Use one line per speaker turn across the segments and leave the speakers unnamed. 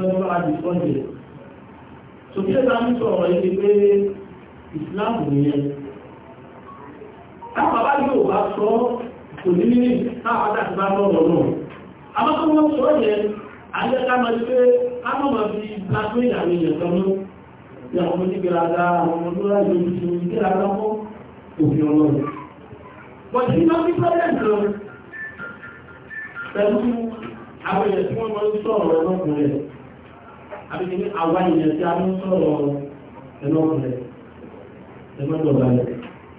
lọ́jọ́ bá di sọ́jẹ̀. sòfíẹ́ ta ń sọ̀rọ̀ yìí pé ìsìláàmù nìyẹn táwọn bàbá yóò bá sọ kò ní nínú táwọn bàbá ti bá lọ́rọ̀ náà àmọ́ tó wọ́n sọ yẹn ayé ká máa pé ká má máa fi gbàgbé ìyàwó yẹn kan mú ní àwọn ọmọdé gbéraga àwọn ọmọdé láyé oṣù gbéraga fún òfin ọlọ́run Bọ̀dé ní ọdún pẹ́lẹ̀ gan pẹ̀lú àwọn èèyàn tí wọ́n máa ń sọ̀rọ̀ ọlọ́kùnrin àbí kí ní àwa ìyẹn tí a ń sọ̀rọ̀ ẹ̀nà ẹ̀mọ́ tó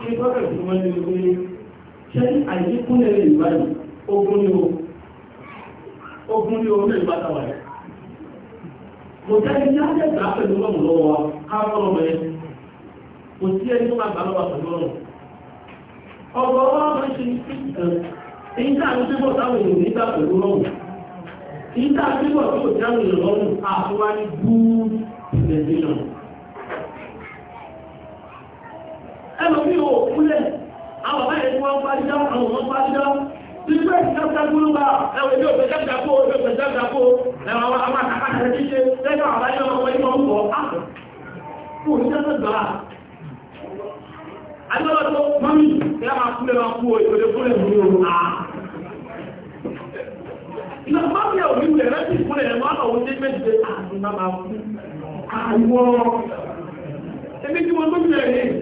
kí tó wọ́n ní ṣé lè ogun ni o ogun ni o mo jáde ní pẹ̀lú ọmọ lọ́wọ́ wa yẹn kò sí ẹni tó máa gbà lọ́wọ́ pẹ̀lú ọ̀rọ̀. ìta àbíwọ̀ tí ó jáwé ìrọ̀rùn àfúwá ní good presentation ẹnu bí o kúlẹ̀ àwọn bàbá yẹn tí wọ́n bá dídá àwọn ọmọ bá dídá tí pé ìjájá gbólúgbà ẹwọ ilé òfin jájá kó ilé òfin jájá kó ẹwọ àwọn àwọn àkàkàrẹ tí ṣe lẹ́yìn àwọn àbáyé ọmọ ìmọ̀ ń bọ̀ ìjọba mi ò ní wẹ̀ rẹ́sì fún ẹ̀ wọ́n àwọn oúnjẹ méjìlẹ̀ àrùn náà máa fún àwọ̀ ẹgbẹ́ tí wọ́n tó bẹ̀rẹ̀ rẹ̀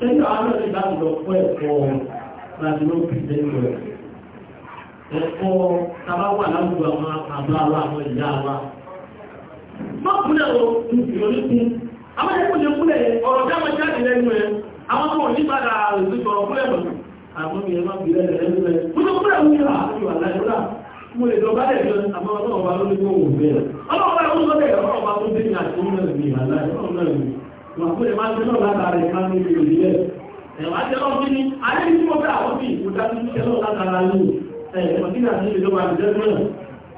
lọ́bẹ̀rẹ̀ na ọrụ àwọn tó ní padà òṣù sọ̀rọ̀ fún ẹ̀wọ̀n àwọn mi ẹ̀ máa ń bìrẹ̀ rẹ̀ lẹ́nu mo tó kúrẹ̀ wúni rà àti wà láyé rà mo lè lọ bálẹ̀ jọ àmọ́ ọlọ́run wa ló ní kó wò bẹ́ẹ̀ ọlọ́run wa ló ń sọ́dẹ̀ ọlọ́run wa tó dé ní àti ọmọ mi wà láyé ọlọ́run náà mi wà bí ni tí mo fẹ́ àwọn bí ìkúta ní tẹ́lọ̀ látara lónìí ẹ̀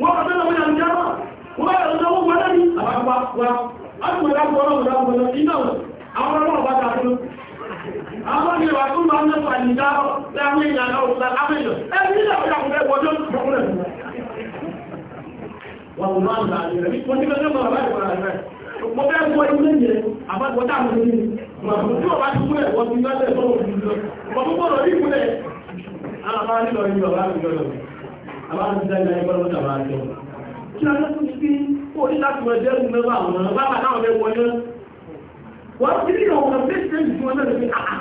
wọ́n bá tẹ́lẹ̀ wọ́n yà ń jẹ́ náà wọ́n bá yà ń jẹ́ wọ́n wọ́n lẹ́ni àwọn akọ̀wá àtùmọ̀ dákọ̀ ọlọ́run dákọ̀ lọ iná àwọn ọlọ́run bá dà fún àwọn ọmọ ìwà tó máa ń lẹ́kọ̀ọ́ àyíká láwọn èèyàn náà òkúta lábẹ́yọ̀ ẹni nígbà wọ́n yà fún ẹgbọ́jọ́ ìgbọ́kúnlẹ̀ wọ́n mú máa ń gbà àyẹ̀rẹ̀ bí wọ́n ti fẹ́ mọ́ ọ̀rọ̀ àyẹ̀rẹ̀ rẹ̀ mo fẹ́ gbọ́ ilé yẹn àbágbọ́dá mi ní ìgbàgbọ́ tí ọba ti kúrẹ̀ wọ́n ti lọ́lẹ̀ tó wọ́n ti lọ àwọn àdìsáyìn náà ẹgbẹ́ lọ́ta máa jọ kí a lọ́tún ti fi kó ní láti wọ ẹgbẹ́ ẹgbẹ́ àwọn bàbá náà lẹ́wọ́ náà wọ́n ti rí ọ̀pọ̀